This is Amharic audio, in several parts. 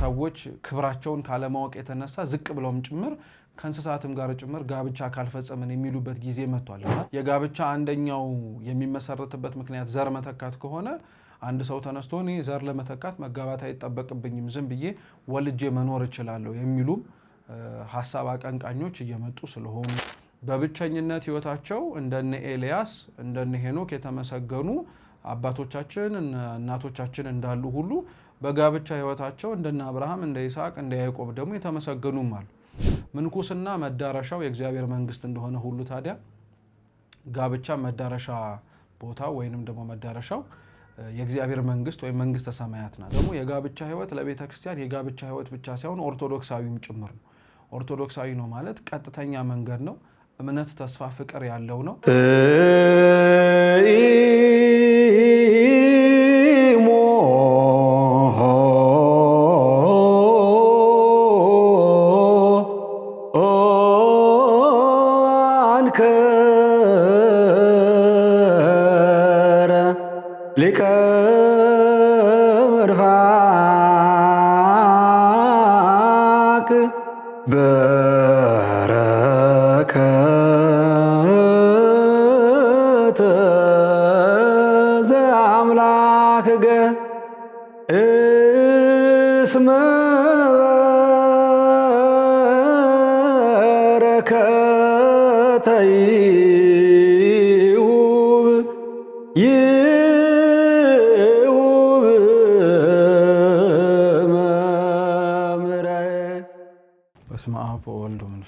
ሰዎች ክብራቸውን ካለማወቅ የተነሳ ዝቅ ብለውም ጭምር ከእንስሳትም ጋር ጭምር ጋብቻ ካልፈጸምን የሚሉበት ጊዜ መጥቷል የጋብቻ አንደኛው የሚመሰረትበት ምክንያት ዘር መተካት ከሆነ አንድ ሰው ተነስቶ እኔ ዘር ለመተካት መጋባት አይጠበቅብኝም፣ ዝም ብዬ ወልጄ መኖር እችላለሁ የሚሉም ሀሳብ አቀንቃኞች እየመጡ ስለሆኑ በብቸኝነት ህይወታቸው እንደነ ኤልያስ እንደነ ሄኖክ የተመሰገኑ አባቶቻችን እናቶቻችን እንዳሉ ሁሉ በጋብቻ ህይወታቸው እንደነ አብርሃም እንደ ይስሐቅ እንደ ያዕቆብ ደግሞ የተመሰገኑም አሉ። ምንኩስና መዳረሻው የእግዚአብሔር መንግስት እንደሆነ ሁሉ ታዲያ ጋብቻ መዳረሻ ቦታ ወይንም ደግሞ መዳረሻው የእግዚአብሔር መንግስት ወይም መንግስተ ሰማያት ናት። ደግሞ የጋብቻ ህይወት ለቤተ ክርስቲያን የጋብቻ ህይወት ብቻ ሳይሆን ኦርቶዶክሳዊም ጭምር ነው። ኦርቶዶክሳዊ ነው ማለት ቀጥተኛ መንገድ ነው። እምነት፣ ተስፋ፣ ፍቅር ያለው ነው። पाखर लेका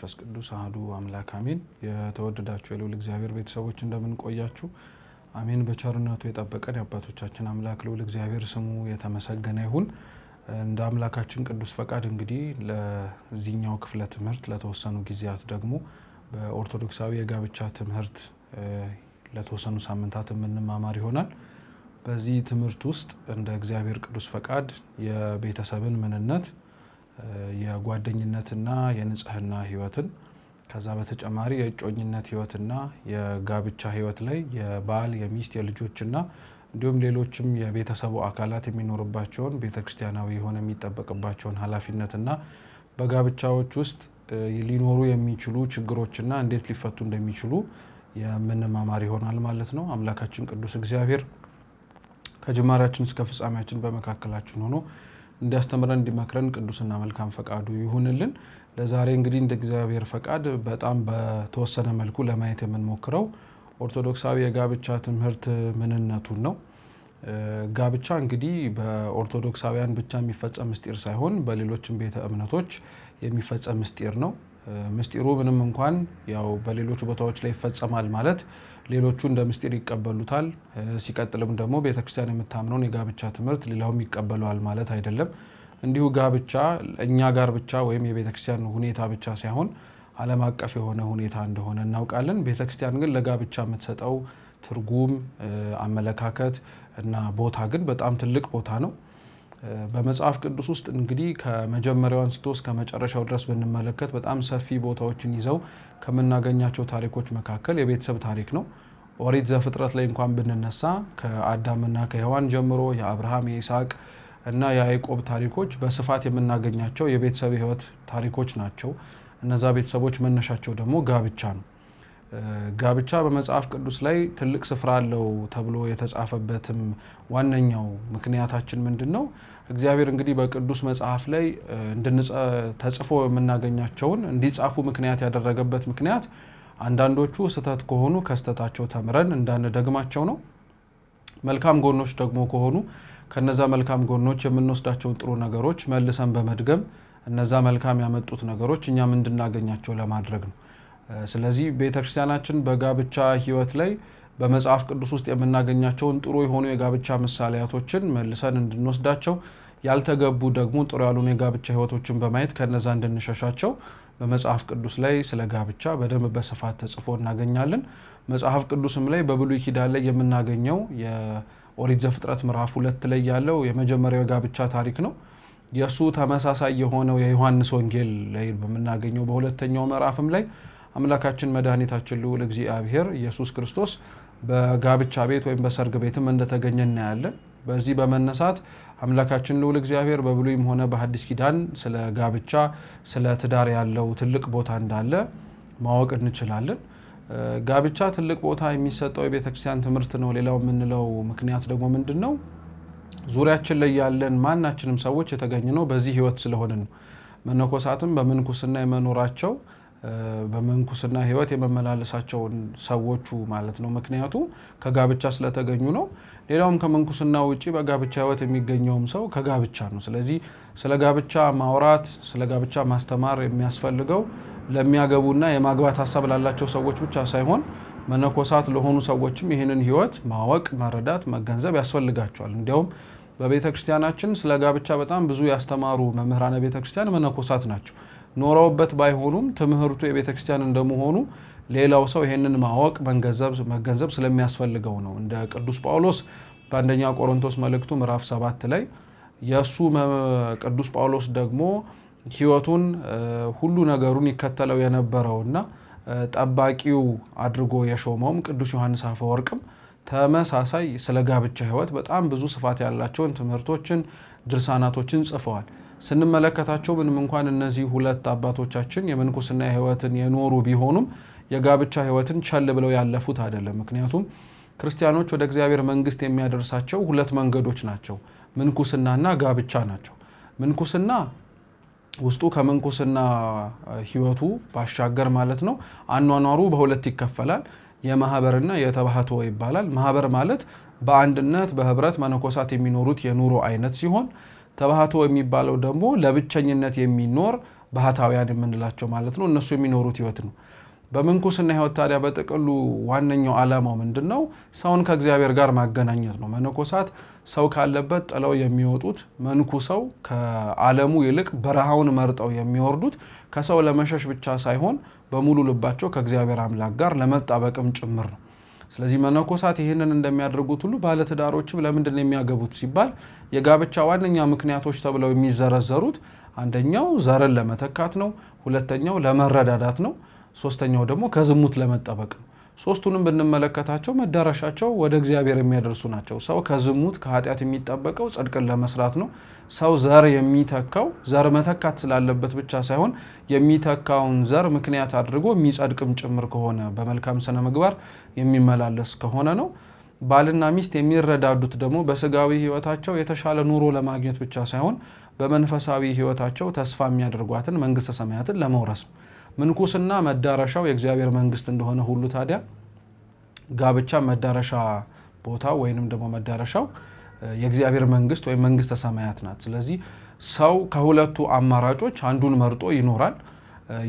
መንፈስ ቅዱስ አህዱ አምላክ አሜን። የተወደዳችሁ የልዑል እግዚአብሔር ቤተሰቦች ቆያችሁ? አሜን። በቸርነቱ የጠበቀን የአባቶቻችን አምላክ ልዑል እግዚአብሔር ስሙ የተመሰገነ ይሁን። እንደ አምላካችን ቅዱስ ፈቃድ እንግዲህ ለዚህኛው ክፍለ ትምህርት ለተወሰኑ ጊዜያት ደግሞ በኦርቶዶክሳዊ የጋብቻ ትምህርት ለተወሰኑ ሳምንታት የምንማማር ይሆናል። በዚህ ትምህርት ውስጥ እንደ እግዚአብሔር ቅዱስ ፈቃድ የቤተሰብን ምንነት የጓደኝነትና የንጽህና ህይወትን ከዛ በተጨማሪ የእጮኝነት ህይወትና የጋብቻ ህይወት ላይ የባል የሚስት የልጆችና እንዲሁም ሌሎችም የቤተሰቡ አካላት የሚኖርባቸውን ቤተክርስቲያናዊ የሆነ የሚጠበቅባቸውን ኃላፊነትና በጋብቻዎች ውስጥ ሊኖሩ የሚችሉ ችግሮችና እንዴት ሊፈቱ እንደሚችሉ የምንማማር ይሆናል ማለት ነው። አምላካችን ቅዱስ እግዚአብሔር ከጅማሪያችን እስከ ፍጻሜያችን በመካከላችን ሆኖ እንዲያስተምረን እንዲመክረን ቅዱስና መልካም ፈቃዱ ይሁንልን። ለዛሬ እንግዲህ እንደ እግዚአብሔር ፈቃድ በጣም በተወሰነ መልኩ ለማየት የምንሞክረው ኦርቶዶክሳዊ የጋብቻ ትምህርት ምንነቱን ነው። ጋብቻ እንግዲህ በኦርቶዶክሳውያን ብቻ የሚፈጸም ምስጢር ሳይሆን በሌሎችም ቤተ እምነቶች የሚፈጸም ምስጢር ነው። ምስጢሩ ምንም እንኳን ያው በሌሎች ቦታዎች ላይ ይፈጸማል ማለት ሌሎቹ እንደ ምስጢር ይቀበሉታል። ሲቀጥልም ደግሞ ቤተክርስቲያን የምታምነውን የጋብቻ ትምህርት ሌላውም ይቀበለዋል ማለት አይደለም። እንዲሁ ጋብቻ እኛ ጋር ብቻ ወይም የቤተክርስቲያን ሁኔታ ብቻ ሳይሆን ዓለም አቀፍ የሆነ ሁኔታ እንደሆነ እናውቃለን። ቤተክርስቲያን ግን ለጋብቻ የምትሰጠው ትርጉም፣ አመለካከት እና ቦታ ግን በጣም ትልቅ ቦታ ነው። በመጽሐፍ ቅዱስ ውስጥ እንግዲህ ከመጀመሪያው አንስቶ እስከ መጨረሻው ድረስ ብንመለከት በጣም ሰፊ ቦታዎችን ይዘው ከምናገኛቸው ታሪኮች መካከል የቤተሰብ ታሪክ ነው። ኦሪት ዘፍጥረት ላይ እንኳን ብንነሳ ከአዳምና ከሔዋን ጀምሮ የአብርሃም የይስሐቅ እና የያዕቆብ ታሪኮች በስፋት የምናገኛቸው የቤተሰብ ህይወት ታሪኮች ናቸው። እነዛ ቤተሰቦች መነሻቸው ደግሞ ጋብቻ ነው። ጋብቻ በመጽሐፍ ቅዱስ ላይ ትልቅ ስፍራ አለው ተብሎ የተጻፈበትም ዋነኛው ምክንያታችን ምንድን ነው? እግዚአብሔር እንግዲህ በቅዱስ መጽሐፍ ላይ ተጽፎ የምናገኛቸውን እንዲጻፉ ምክንያት ያደረገበት ምክንያት አንዳንዶቹ ስህተት ከሆኑ ከስህተታቸው ተምረን እንዳንደግማቸው ነው። መልካም ጎኖች ደግሞ ከሆኑ ከነዛ መልካም ጎኖች የምንወስዳቸውን ጥሩ ነገሮች መልሰን በመድገም እነዛ መልካም ያመጡት ነገሮች እኛም እንድናገኛቸው ለማድረግ ነው። ስለዚህ ቤተክርስቲያናችን በጋብቻ ህይወት ላይ በመጽሐፍ ቅዱስ ውስጥ የምናገኛቸውን ጥሩ የሆኑ የጋብቻ ምሳሌያቶችን መልሰን እንድንወስዳቸው ያልተገቡ ደግሞ ጥሩ ያሉን የጋብቻ ህይወቶችን በማየት ከነዛ እንድንሸሻቸው በመጽሐፍ ቅዱስ ላይ ስለ ጋብቻ በደንብ በስፋት ተጽፎ እናገኛለን። መጽሐፍ ቅዱስም ላይ በብሉይ ኪዳን ላይ የምናገኘው የኦሪት ዘፍጥረት ምዕራፍ ሁለት ላይ ያለው የመጀመሪያው የጋብቻ ታሪክ ነው። የእሱ ተመሳሳይ የሆነው የዮሐንስ ወንጌል ላይ በምናገኘው በሁለተኛው ምዕራፍም ላይ አምላካችን መድኃኒታችን ልዑል እግዚአብሔር ኢየሱስ ክርስቶስ በጋብቻ ቤት ወይም በሰርግ ቤትም እንደተገኘ እናያለን። በዚህ በመነሳት አምላካችን ልዑል እግዚአብሔር በብሉይም ሆነ በሐዲስ ኪዳን ስለ ጋብቻ፣ ስለ ትዳር ያለው ትልቅ ቦታ እንዳለ ማወቅ እንችላለን። ጋብቻ ትልቅ ቦታ የሚሰጠው የቤተ ክርስቲያን ትምህርት ነው። ሌላው የምንለው ምክንያት ደግሞ ምንድን ነው? ዙሪያችን ላይ ያለን ማናችንም ሰዎች የተገኘ ነው በዚህ ህይወት ስለሆነ ነው። መነኮሳትም በምንኩስና የመኖራቸው በምንኩስና ህይወት የመመላለሳቸውን ሰዎቹ ማለት ነው። ምክንያቱ ከጋብቻ ስለተገኙ ነው። ሌላውም ከምንኩስና ውጭ በጋብቻ ህይወት የሚገኘውም ሰው ከጋብቻ ነው። ስለዚህ ስለ ጋብቻ ማውራት፣ ስለ ጋብቻ ማስተማር የሚያስፈልገው ለሚያገቡና የማግባት ሀሳብ ላላቸው ሰዎች ብቻ ሳይሆን መነኮሳት ለሆኑ ሰዎችም ይህንን ህይወት ማወቅ፣ መረዳት፣ መገንዘብ ያስፈልጋቸዋል። እንዲያውም በቤተክርስቲያናችን ስለ ጋብቻ በጣም ብዙ ያስተማሩ መምህራነ ቤተክርስቲያን መነኮሳት ናቸው። ኖረውበት ባይሆኑም ትምህርቱ የቤተ ክርስቲያን እንደመሆኑ ሌላው ሰው ይሄንን ማወቅ መገንዘብ ስለሚያስፈልገው ነው። እንደ ቅዱስ ጳውሎስ በአንደኛ ቆሮንቶስ መልእክቱ ምዕራፍ ሰባት ላይ የእሱ ቅዱስ ጳውሎስ ደግሞ ሕይወቱን ሁሉ ነገሩን ይከተለው የነበረውና ጠባቂው አድርጎ የሾመውም ቅዱስ ዮሐንስ አፈወርቅም ተመሳሳይ ስለ ጋብቻ ሕይወት በጣም ብዙ ስፋት ያላቸውን ትምህርቶችን ድርሳናቶችን ጽፈዋል። ስንመለከታቸው ምንም እንኳን እነዚህ ሁለት አባቶቻችን የምንኩስና ህይወትን የኖሩ ቢሆኑም የጋብቻ ህይወትን ቸል ብለው ያለፉት አይደለም። ምክንያቱም ክርስቲያኖች ወደ እግዚአብሔር መንግስት የሚያደርሳቸው ሁለት መንገዶች ናቸው፣ ምንኩስናና ጋብቻ ናቸው። ምንኩስና ውስጡ ከምንኩስና ህይወቱ ባሻገር ማለት ነው አኗኗሩ በሁለት ይከፈላል። የማህበርና የተባህቶ ይባላል። ማህበር ማለት በአንድነት በህብረት መነኮሳት የሚኖሩት የኑሮ አይነት ሲሆን ተባህቶ የሚባለው ደግሞ ለብቸኝነት የሚኖር ባህታውያን የምንላቸው ማለት ነው። እነሱ የሚኖሩት ህይወት ነው። በምንኩስና ህይወት ታዲያ በጥቅሉ ዋነኛው ዓላማው ምንድን ነው? ሰውን ከእግዚአብሔር ጋር ማገናኘት ነው። መነኮሳት ሰው ካለበት ጥለው የሚወጡት መንኩሰው ከዓለሙ ይልቅ በረሃውን መርጠው የሚወርዱት ከሰው ለመሸሽ ብቻ ሳይሆን በሙሉ ልባቸው ከእግዚአብሔር አምላክ ጋር ለመጣበቅም ጭምር ነው። ስለዚህ መነኮሳት ይህንን እንደሚያደርጉት ሁሉ ባለትዳሮችም ለምንድን የሚያገቡት ሲባል የጋብቻ ዋነኛ ምክንያቶች ተብለው የሚዘረዘሩት አንደኛው ዘርን ለመተካት ነው። ሁለተኛው ለመረዳዳት ነው። ሶስተኛው ደግሞ ከዝሙት ለመጠበቅ ነው። ሶስቱንም ብንመለከታቸው መዳረሻቸው ወደ እግዚአብሔር የሚያደርሱ ናቸው። ሰው ከዝሙት ከኃጢአት የሚጠበቀው ጽድቅን ለመስራት ነው። ሰው ዘር የሚተካው ዘር መተካት ስላለበት ብቻ ሳይሆን የሚተካውን ዘር ምክንያት አድርጎ የሚጸድቅም ጭምር ከሆነ በመልካም ስነ ምግባር የሚመላለስ ከሆነ ነው። ባልና ሚስት የሚረዳዱት ደግሞ በስጋዊ ህይወታቸው የተሻለ ኑሮ ለማግኘት ብቻ ሳይሆን በመንፈሳዊ ህይወታቸው ተስፋ የሚያደርጓትን መንግስተ ሰማያትን ለመውረስ ነው። ምንኩስና መዳረሻው የእግዚአብሔር መንግስት እንደሆነ ሁሉ ታዲያ ጋብቻ መዳረሻ ቦታው ወይንም ደግሞ መዳረሻው የእግዚአብሔር መንግስት ወይም መንግስተ ሰማያት ናት። ስለዚህ ሰው ከሁለቱ አማራጮች አንዱን መርጦ ይኖራል።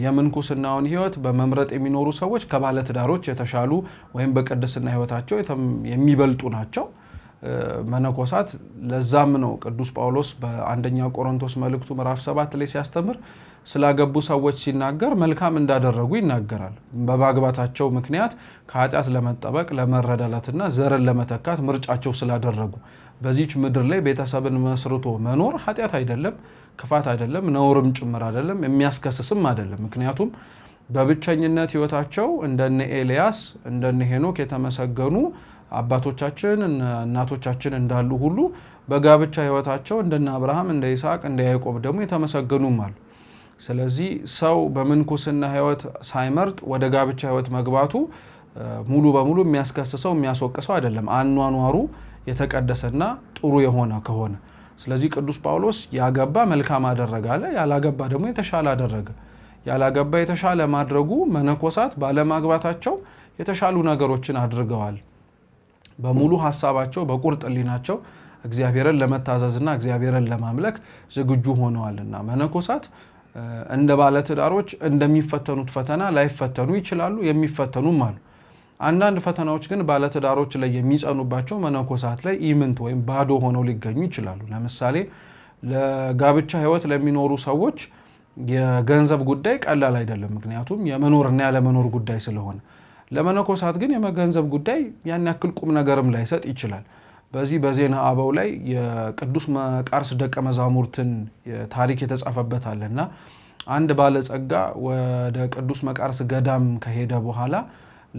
የምንኩስናውን ህይወት በመምረጥ የሚኖሩ ሰዎች ከባለትዳሮች የተሻሉ ወይም በቅድስና ህይወታቸው የሚበልጡ ናቸው መነኮሳት። ለዛም ነው ቅዱስ ጳውሎስ በአንደኛ ቆሮንቶስ መልእክቱ ምዕራፍ ሰባት ላይ ሲያስተምር ስላገቡ ሰዎች ሲናገር መልካም እንዳደረጉ ይናገራል። በማግባታቸው ምክንያት ከኃጢአት ለመጠበቅ ለመረዳዳትና ዘርን ለመተካት ምርጫቸው ስላደረጉ በዚች ምድር ላይ ቤተሰብን መስርቶ መኖር ኃጢአት አይደለም። ክፋት አይደለም፣ ነውርም ጭምር አይደለም፣ የሚያስከስስም አይደለም። ምክንያቱም በብቸኝነት ህይወታቸው እንደነ ኤልያስ እንደነ ሄኖክ የተመሰገኑ አባቶቻችን እናቶቻችን እንዳሉ ሁሉ በጋብቻ ህይወታቸው እንደነ አብርሃም እንደ ይስሐቅ እንደ ያዕቆብ ደግሞ የተመሰገኑም አሉ። ስለዚህ ሰው በምንኩስና ህይወት ሳይመርጥ ወደ ጋብቻ ህይወት መግባቱ ሙሉ በሙሉ የሚያስከስሰው የሚያስወቅሰው አይደለም፣ አኗኗሩ የተቀደሰና ጥሩ የሆነ ከሆነ ስለዚህ ቅዱስ ጳውሎስ ያገባ መልካም አደረገ አለ፣ ያላገባ ደግሞ የተሻለ አደረገ። ያላገባ የተሻለ ማድረጉ መነኮሳት ባለማግባታቸው የተሻሉ ነገሮችን አድርገዋል። በሙሉ ሀሳባቸው በቁርጥ ሕሊናቸው እግዚአብሔርን ለመታዘዝና እግዚአብሔርን ለማምለክ ዝግጁ ሆነዋልና መነኮሳት እንደ ባለትዳሮች እንደሚፈተኑት ፈተና ላይፈተኑ ይችላሉ፣ የሚፈተኑም አሉ። አንዳንድ ፈተናዎች ግን ባለትዳሮች ላይ የሚጸኑባቸው መነኮሳት ላይ ኢምንት ወይም ባዶ ሆነው ሊገኙ ይችላሉ። ለምሳሌ ለጋብቻ ህይወት ለሚኖሩ ሰዎች የገንዘብ ጉዳይ ቀላል አይደለም። ምክንያቱም የመኖርና ያለመኖር ጉዳይ ስለሆነ፣ ለመነኮሳት ግን የመገንዘብ ጉዳይ ያን ያክል ቁም ነገርም ላይሰጥ ይችላል። በዚህ በዜና አበው ላይ የቅዱስ መቃርስ ደቀ መዛሙርትን ታሪክ የተጻፈበት አለና አንድ ባለጸጋ ወደ ቅዱስ መቃርስ ገዳም ከሄደ በኋላ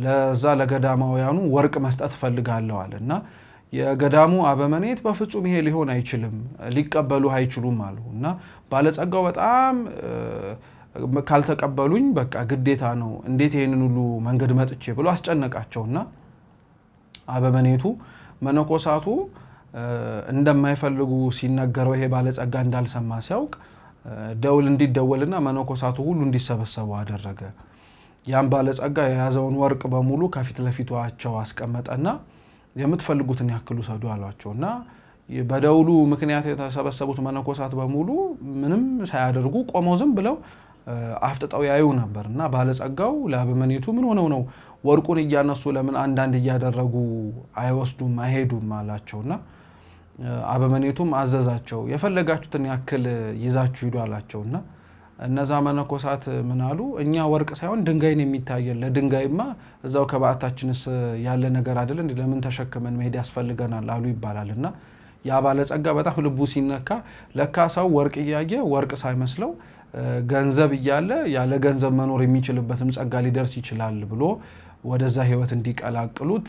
ለዛ ለገዳማውያኑ ወርቅ መስጠት ፈልጋለዋል። እና የገዳሙ አበመኔት በፍጹም ይሄ ሊሆን አይችልም፣ ሊቀበሉ አይችሉም አሉ እና ባለጸጋው በጣም ካልተቀበሉኝ በቃ ግዴታ ነው፣ እንዴት ይህንን ሁሉ መንገድ መጥቼ ብሎ አስጨነቃቸውና አበመኔቱ መነኮሳቱ እንደማይፈልጉ ሲነገረው ይሄ ባለጸጋ እንዳልሰማ ሲያውቅ ደውል እንዲደወልና መነኮሳቱ ሁሉ እንዲሰበሰቡ አደረገ። ያን ባለጸጋ የያዘውን ወርቅ በሙሉ ከፊት ለፊቷቸው አስቀመጠና የምትፈልጉትን ያክል ውሰዱ አሏቸው እና በደውሉ ምክንያት የተሰበሰቡት መነኮሳት በሙሉ ምንም ሳያደርጉ ቆመው ዝም ብለው አፍጥጠው ያዩ ነበር እና ባለጸጋው ለአበመኔቱ ምን ሆነው ነው ወርቁን እያነሱ ለምን አንዳንድ እያደረጉ አይወስዱም አይሄዱም አላቸው እና አበመኔቱም አዘዛቸው የፈለጋችሁትን ያክል ይዛችሁ ሂዱ አላቸው እና እነዛ መነኮሳት ምን አሉ? እኛ ወርቅ ሳይሆን ድንጋይን የሚታየን ለድንጋይማ እዛው ከበዓታችንስ ያለ ነገር አይደለ እንዲ ለምን ተሸክመን መሄድ ያስፈልገናል አሉ ይባላል። እና ያ ባለጸጋ በጣም ልቡ ሲነካ ለካ ሰው ወርቅ እያየ ወርቅ ሳይመስለው ገንዘብ እያለ ያለ ገንዘብ መኖር የሚችልበትም ጸጋ ሊደርስ ይችላል ብሎ ወደዛ ህይወት እንዲቀላቅሉት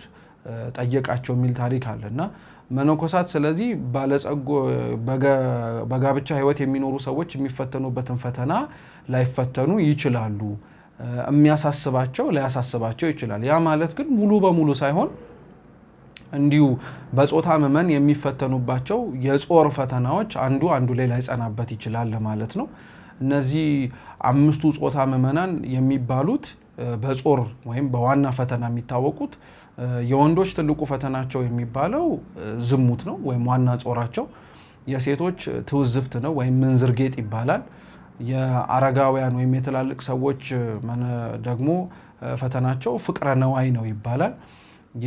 ጠየቃቸው የሚል ታሪክ አለ እና መነኮሳት ስለዚህ ባለጸጎ በጋብቻ ህይወት የሚኖሩ ሰዎች የሚፈተኑበትን ፈተና ላይፈተኑ ይችላሉ። የሚያሳስባቸው ላያሳስባቸው ይችላል። ያ ማለት ግን ሙሉ በሙሉ ሳይሆን እንዲሁ በጾታ መመን የሚፈተኑባቸው የጾር ፈተናዎች አንዱ አንዱ ላይ ላይጸናበት ይችላል ለማለት ነው። እነዚህ አምስቱ ጾታ መመናን የሚባሉት በጾር ወይም በዋና ፈተና የሚታወቁት የወንዶች ትልቁ ፈተናቸው የሚባለው ዝሙት ነው ወይም ዋና ጾራቸው። የሴቶች ትውዝፍት ነው ወይም ምንዝር ጌጥ ይባላል። የአረጋውያን ወይም የትላልቅ ሰዎች ደግሞ ፈተናቸው ፍቅረ ነዋይ ነው ይባላል።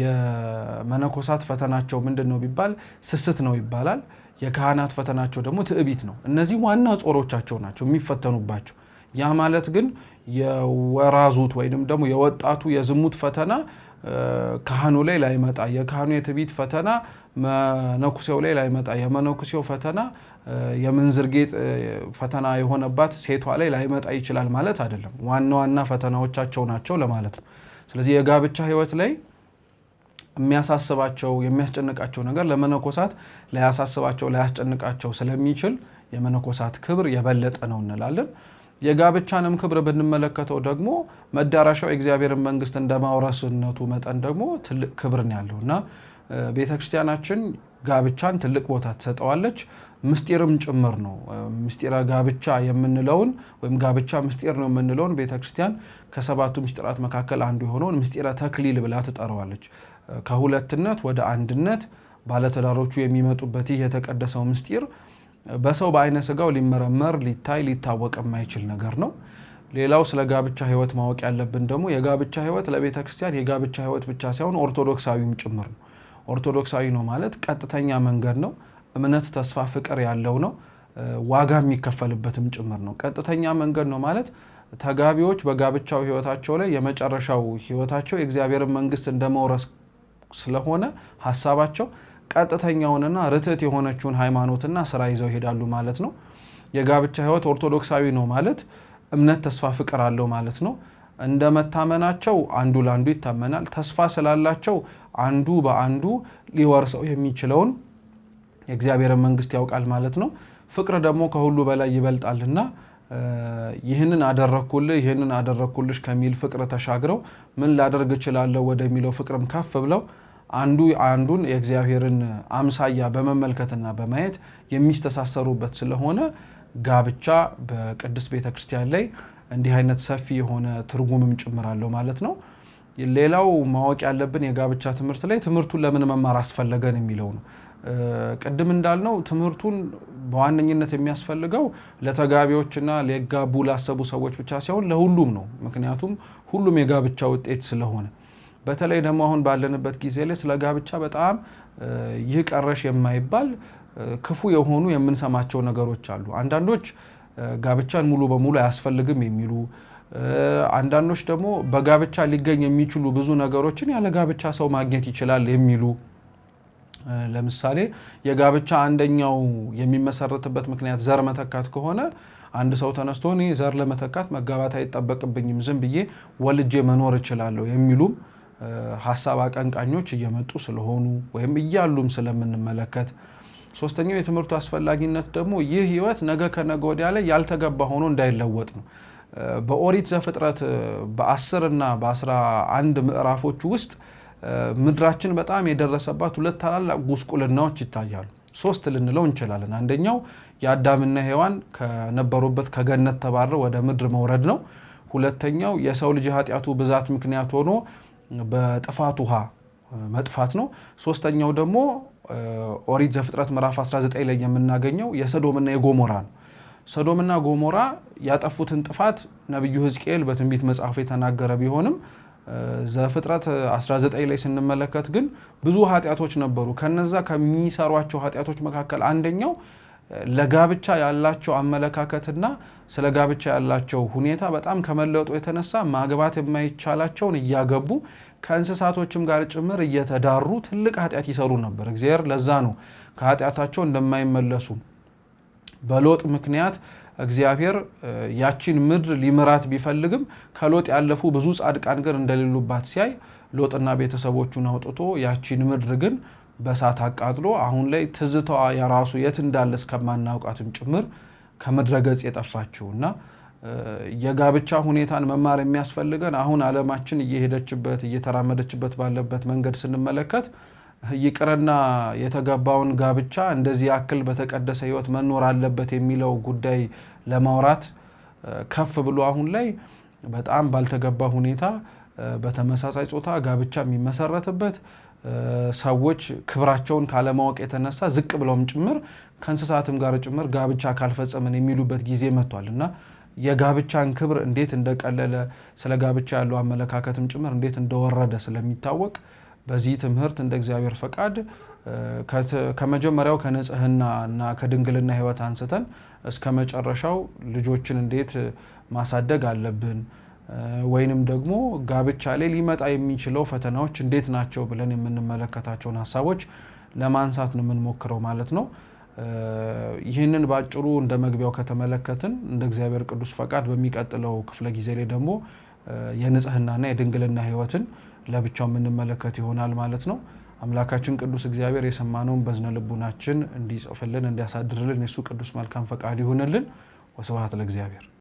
የመነኮሳት ፈተናቸው ምንድን ነው ቢባል ስስት ነው ይባላል። የካህናት ፈተናቸው ደግሞ ትዕቢት ነው። እነዚህ ዋና ጾሮቻቸው ናቸው የሚፈተኑባቸው። ያ ማለት ግን የወራዙት ወይንም ደግሞ የወጣቱ የዝሙት ፈተና ካህኑ ላይ ላይመጣ፣ የካህኑ የትዕቢት ፈተና መነኩሴው ላይ ላይመጣ፣ የመነኩሴው ፈተና የምንዝር ጌጥ ፈተና የሆነባት ሴቷ ላይ ላይመጣ ይችላል ማለት አይደለም። ዋና ዋና ፈተናዎቻቸው ናቸው ለማለት ነው። ስለዚህ የጋብቻ ህይወት ላይ የሚያሳስባቸው የሚያስጨንቃቸው ነገር ለመነኮሳት ላያሳስባቸው ላያስጨንቃቸው ስለሚችል የመነኮሳት ክብር የበለጠ ነው እንላለን። የጋብቻንም ክብር ብንመለከተው ደግሞ መዳረሻው የእግዚአብሔርን መንግስት እንደማውረስነቱ መጠን ደግሞ ትልቅ ክብር ነው ያለው እና ቤተ ክርስቲያናችን ጋብቻን ትልቅ ቦታ ትሰጠዋለች። ምስጢርም ጭምር ነው። ምስጢረ ጋብቻ የምንለውን ወይም ጋብቻ ምስጢር ነው የምንለውን ቤተ ክርስቲያን ከሰባቱ ምስጢራት መካከል አንዱ የሆነውን ምስጢረ ተክሊል ብላ ትጠራዋለች። ከሁለትነት ወደ አንድነት ባለትዳሮቹ የሚመጡበት ይህ የተቀደሰው ምስጢር በሰው በአይነ ስጋው ሊመረመር ሊታይ ሊታወቅ የማይችል ነገር ነው። ሌላው ስለ ጋብቻ ህይወት ማወቅ ያለብን ደግሞ የጋብቻ ህይወት ለቤተ ክርስቲያን የጋብቻ ህይወት ብቻ ሳይሆን ኦርቶዶክሳዊም ጭምር ነው። ኦርቶዶክሳዊ ነው ማለት ቀጥተኛ መንገድ ነው። እምነት፣ ተስፋ፣ ፍቅር ያለው ነው። ዋጋ የሚከፈልበትም ጭምር ነው። ቀጥተኛ መንገድ ነው ማለት ተጋቢዎች በጋብቻው ህይወታቸው ላይ የመጨረሻው ህይወታቸው የእግዚአብሔርን መንግስት እንደመውረስ ስለሆነ ሀሳባቸው ቀጥተኛውንና ርትት የሆነችውን ሃይማኖትና ስራ ይዘው ይሄዳሉ ማለት ነው። የጋብቻ ህይወት ኦርቶዶክሳዊ ነው ማለት እምነት፣ ተስፋ፣ ፍቅር አለው ማለት ነው። እንደ መታመናቸው አንዱ ለአንዱ ይታመናል። ተስፋ ስላላቸው አንዱ በአንዱ ሊወርሰው የሚችለውን የእግዚአብሔርን መንግስት ያውቃል ማለት ነው። ፍቅር ደግሞ ከሁሉ በላይ ይበልጣልና ይህንን አደረግኩልህ ይህንን አደረግኩልሽ ከሚል ፍቅር ተሻግረው ምን ላደርግ እችላለሁ ወደሚለው ፍቅርም ከፍ ብለው አንዱ አንዱን የእግዚአብሔርን አምሳያ በመመልከትና በማየት የሚስተሳሰሩበት ስለሆነ ጋብቻ በቅድስት ቤተ ክርስቲያን ላይ እንዲህ አይነት ሰፊ የሆነ ትርጉምም ጭምራለሁ ማለት ነው። ሌላው ማወቅ ያለብን የጋብቻ ትምህርት ላይ ትምህርቱን ለምን መማር አስፈለገን የሚለው ነው። ቅድም እንዳልነው ትምህርቱን በዋነኝነት የሚያስፈልገው ለተጋቢዎችና ሊጋቡ ላሰቡ ሰዎች ብቻ ሳይሆን ለሁሉም ነው። ምክንያቱም ሁሉም የጋብቻ ውጤት ስለሆነ በተለይ ደግሞ አሁን ባለንበት ጊዜ ላይ ስለ ጋብቻ በጣም ይህ ቀረሽ የማይባል ክፉ የሆኑ የምንሰማቸው ነገሮች አሉ። አንዳንዶች ጋብቻን ሙሉ በሙሉ አያስፈልግም የሚሉ አንዳንዶች ደግሞ በጋብቻ ሊገኝ የሚችሉ ብዙ ነገሮችን ያለ ጋብቻ ሰው ማግኘት ይችላል የሚሉ ለምሳሌ የጋብቻ አንደኛው የሚመሰረትበት ምክንያት ዘር መተካት ከሆነ አንድ ሰው ተነስቶ እኔ ዘር ለመተካት መጋባት አይጠበቅብኝም፣ ዝም ብዬ ወልጄ መኖር እችላለሁ የሚሉም ሀሳብ አቀንቃኞች እየመጡ ስለሆኑ ወይም እያሉም ስለምንመለከት፣ ሶስተኛው የትምህርቱ አስፈላጊነት ደግሞ ይህ ህይወት ነገ ከነገ ወዲያ ላይ ያልተገባ ሆኖ እንዳይለወጥ ነው። በኦሪት ዘፍጥረት በአስር እና በአስራ አንድ ምዕራፎች ውስጥ ምድራችን በጣም የደረሰባት ሁለት ታላላቅ ጉስቁልናዎች ይታያሉ። ሶስት ልንለው እንችላለን። አንደኛው የአዳምና ሔዋን ከነበሩበት ከገነት ተባረው ወደ ምድር መውረድ ነው። ሁለተኛው የሰው ልጅ ኃጢአቱ ብዛት ምክንያት ሆኖ በጥፋት ውሃ መጥፋት ነው። ሶስተኛው ደግሞ ኦሪት ዘፍጥረት ምዕራፍ 19 ላይ የምናገኘው የሰዶምና የጎሞራ ነው። ሰዶምና ጎሞራ ያጠፉትን ጥፋት ነቢዩ ሕዝቅኤል በትንቢት መጽሐፍ የተናገረ ቢሆንም ዘፍጥረት 19 ላይ ስንመለከት ግን ብዙ ኃጢአቶች ነበሩ። ከነዛ ከሚሰሯቸው ኃጢአቶች መካከል አንደኛው ለጋብቻ ያላቸው አመለካከትና ስለ ጋብቻ ያላቸው ሁኔታ በጣም ከመለጡ የተነሳ ማግባት የማይቻላቸውን እያገቡ ከእንስሳቶችም ጋር ጭምር እየተዳሩ ትልቅ ኃጢአት ይሰሩ ነበር። እግዚአብሔር ለዛ ነው ከኃጢአታቸው እንደማይመለሱ በሎጥ ምክንያት እግዚአብሔር ያቺን ምድር ሊምራት ቢፈልግም ከሎጥ ያለፉ ብዙ ጻድቃን ግን እንደሌሉባት ሲያይ ሎጥና ቤተሰቦቹን አውጥቶ ያቺን ምድር ግን በእሳት አቃጥሎ አሁን ላይ ትዝታዋ የራሱ የት እንዳለ እስከማናውቃትም ጭምር ከምድረገጽ የጠፋችው እና የጋብቻ ሁኔታን መማር የሚያስፈልገን አሁን አለማችን እየሄደችበት እየተራመደችበት ባለበት መንገድ ስንመለከት ይቅርና የተገባውን ጋብቻ እንደዚህ ያክል በተቀደሰ ህይወት መኖር አለበት የሚለው ጉዳይ ለማውራት ከፍ ብሎ አሁን ላይ በጣም ባልተገባ ሁኔታ በተመሳሳይ ጾታ ጋብቻ የሚመሰረትበት ሰዎች ክብራቸውን ካለማወቅ የተነሳ ዝቅ ብለውም ጭምር ከእንስሳትም ጋር ጭምር ጋብቻ ካልፈጸምን የሚሉበት ጊዜ መጥቷል እና የጋብቻን ክብር እንዴት እንደቀለለ ስለ ጋብቻ ያለው አመለካከትም ጭምር እንዴት እንደወረደ ስለሚታወቅ በዚህ ትምህርት እንደ እግዚአብሔር ፈቃድ ከመጀመሪያው ከንጽህና እና ከድንግልና ህይወት አንስተን እስከ መጨረሻው ልጆችን እንዴት ማሳደግ አለብን ወይንም ደግሞ ጋብቻ ላይ ሊመጣ የሚችለው ፈተናዎች እንዴት ናቸው ብለን የምንመለከታቸውን ሀሳቦች ለማንሳት ነው የምንሞክረው ማለት ነው። ይህንን በአጭሩ እንደ መግቢያው ከተመለከትን እንደ እግዚአብሔር ቅዱስ ፈቃድ በሚቀጥለው ክፍለ ጊዜ ላይ ደግሞ የንጽህናና የድንግልና ህይወትን ለብቻው የምንመለከት ይሆናል ማለት ነው። አምላካችን ቅዱስ እግዚአብሔር የሰማነውን በዝነ ልቡናችን እንዲጽፍልን እንዲያሳድርልን የሱ ቅዱስ መልካም ፈቃድ ይሁንልን። ወስብሐት ለእግዚአብሔር።